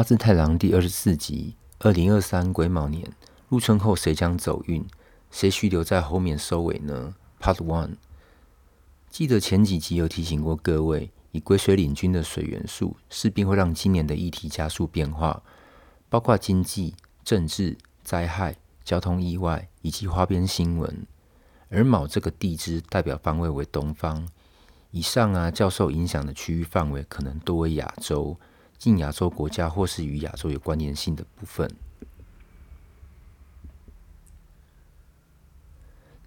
八字太郎第二十四集，二零二三癸卯年入春後，誰將走運？誰需留在後面收尾呢？Part One，記得前幾集有提醒過各位，以癸水領軍的水元素，勢必會讓今年的議題加速變化，包括經濟、政治、災害、交通意外以及花邊新聞。而卯這個地支代表方位為東方，以上啊較受影響的區域範圍可能多為亞洲。近亞洲國家或是與亞洲有關聯性的部分。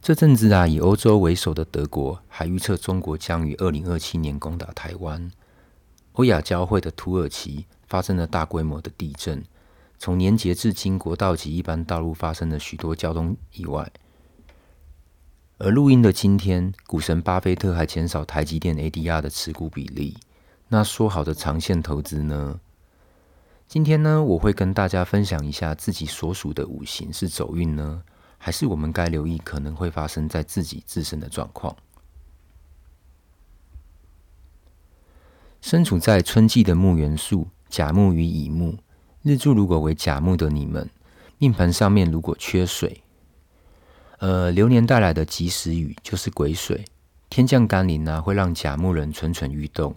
這陣子啊，以歐洲為首的德國還預測中國將於二零二七年攻打台灣。歐亞交會的土耳其發生了大規模的地震，從年節至今，國道及一般道路發生了許多交通意外。而錄音的今天，股神巴菲特還減少台積電 ADR 的持股比例。那說好的長線投資呢？今天呢，我會跟大家分享一下自己所屬的五行是走運呢，還是我們該留意可能會發生在自己自身的狀況。身處在春季的木元素，甲木與乙木，日柱如果為甲木的你們，命盤上面如果缺水，呃，流年帶來的及時雨就是癸水，天降甘霖呢，啊，會讓甲木人蠢蠢欲動。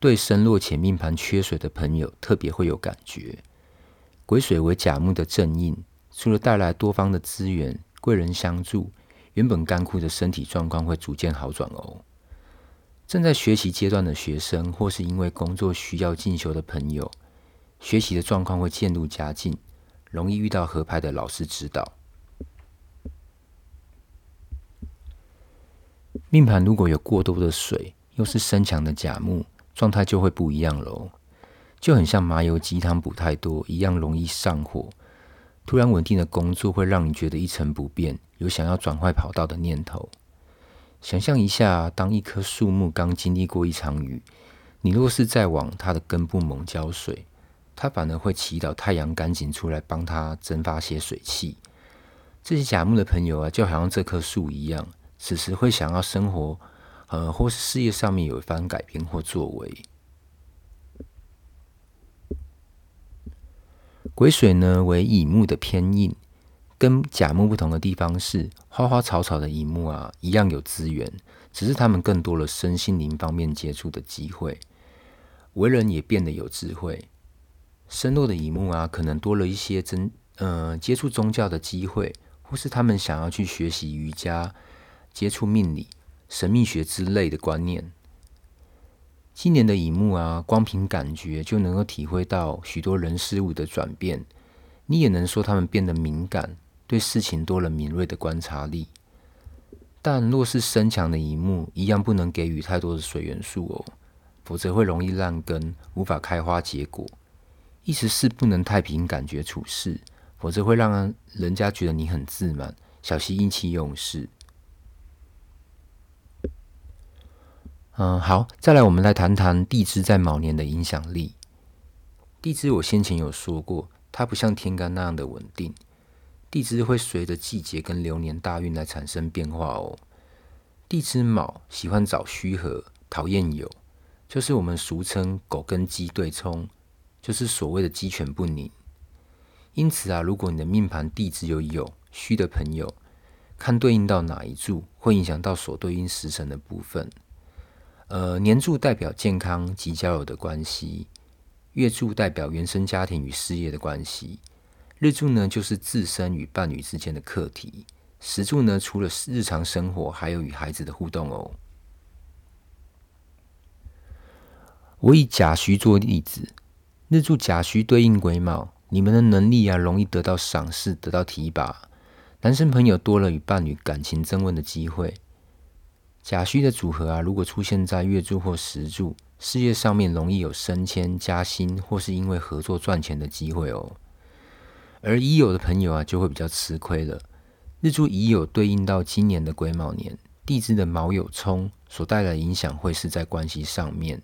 對身弱且命盤缺水的朋友，特別會有感覺。癸水為甲木的正印，除了帶來多方的資源、貴人相助，原本乾枯的身體狀況會逐漸好轉哦。正在學習階段的學生，或是因為工作需要進修的朋友，學習的狀況會漸入佳境，容易遇到合拍的老師指導。命盤如果有過多的水，又是身強的甲木。狀態就會不一樣嘍，就很像麻油雞湯補太多一樣，容易上火。突然穩定的工作會讓你覺得一成不變，有想要轉換跑道的念頭。想象一下，當一棵樹木剛經歷過一場雨，你若是再往它的根部猛澆水，它反而會祈禱太陽趕緊出來，幫它蒸發些水汽。這些甲木的朋友啊，就好像這棵樹一樣，此時會想要生活。呃，或是事業上面有一番改變或作為，癸水呢為乙木的偏印，跟甲木不同的地方是，花花草草的乙木啊，一樣有資源，只是他們更多了身心靈方面接觸的機會，為人也變得有智慧。身弱的乙木啊，可能多了一些真，呃，接觸宗教的機會，或是他們想要去學習瑜伽，接觸命理。神秘學之類的觀念，今年的乙木啊，光憑感覺就能夠體會到許多人事物的轉變，你也能說他們變得敏感，對事情多了敏銳的觀察力。但若是身強的乙木，一樣不能給予太多的水元素哦，否則會容易爛根，無法開花結果。意思是不能太憑感覺處事，否則會讓人家覺得你很自滿，小心意氣用事！嗯，好，再來，我們來談談地支在卯年的影響力。地支我先前有說過，它不像天干那樣的穩定，地支會隨着季節跟流年大運來產生變化哦。地支卯喜歡找戌合，討厭酉，就是我們俗稱狗跟雞對沖，就是所謂的雞犬不寧。因此啊，如果你的命盤地支有酉、戌的朋友，看對應到哪一柱，會影響到所對應時辰的部分。呃，年柱代表健康及交友的關係，月柱代表原生家庭與事業的關係，日柱呢，就是自身與伴侶之間的課題，時柱呢，除了日常生活，還有與孩子的互動哦。我以甲戌做例子，日柱甲戌對應癸卯，你們的能力啊，容易得到賞識，得到提拔，男生朋友多了與伴侶感情增溫的機會。甲戌的組合啊，如果出現在月柱或時柱事業上面，容易有升遷、加薪或是因為合作賺錢的機會哦。而乙酉的朋友啊，就會比較吃虧了。日柱乙酉對應到今年的癸卯年，地支的卯酉沖所帶來的影響，會是在關係上面，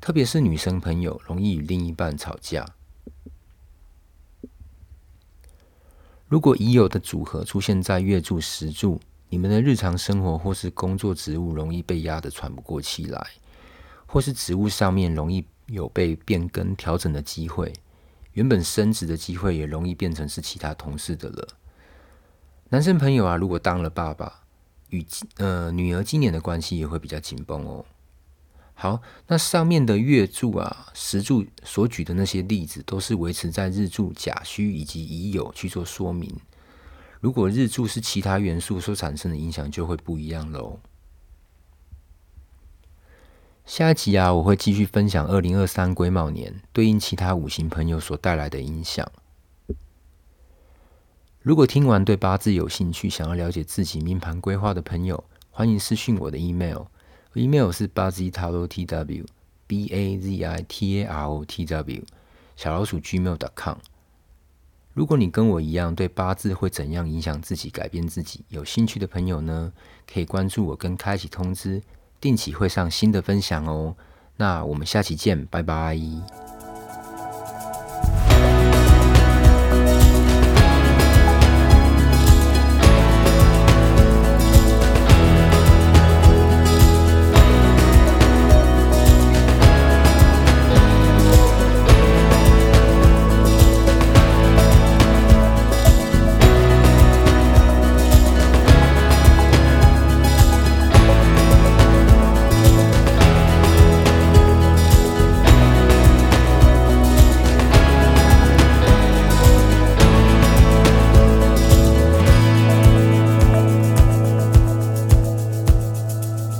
特別是女生朋友容易與另一半吵架。如果乙酉的組合出現在月柱、時柱。你們的日常生活或是工作職務容易被壓得喘不過氣來，或是職務上面容易有被變更調整的機會，原本升職的機會也容易變成是其他同事的了。男生朋友啊，如果當了爸爸，與呃女兒今年的關係也會比較緊繃哦。好，那上面的月柱啊、時柱所舉的那些例子，都是維持在日柱甲戌以及乙酉去做說明。如果日柱是其他元素所產生的影響，就會不一樣嘍。下一集啊，我會繼續分享二零二三癸卯年對應其他五行朋友所帶來的影響。如果聽完對八字有興趣，想要了解自己命盤規劃的朋友，歡迎私訊我的 email，email email 是 b z i t a o t w b a z i t a r o t w，小老鼠 gmail.com。如果你跟我一樣對八字會怎樣影響自己、改變自己有興趣的朋友呢，可以關注我跟開啟通知，定期會上新的分享哦。那我們下期見，拜拜。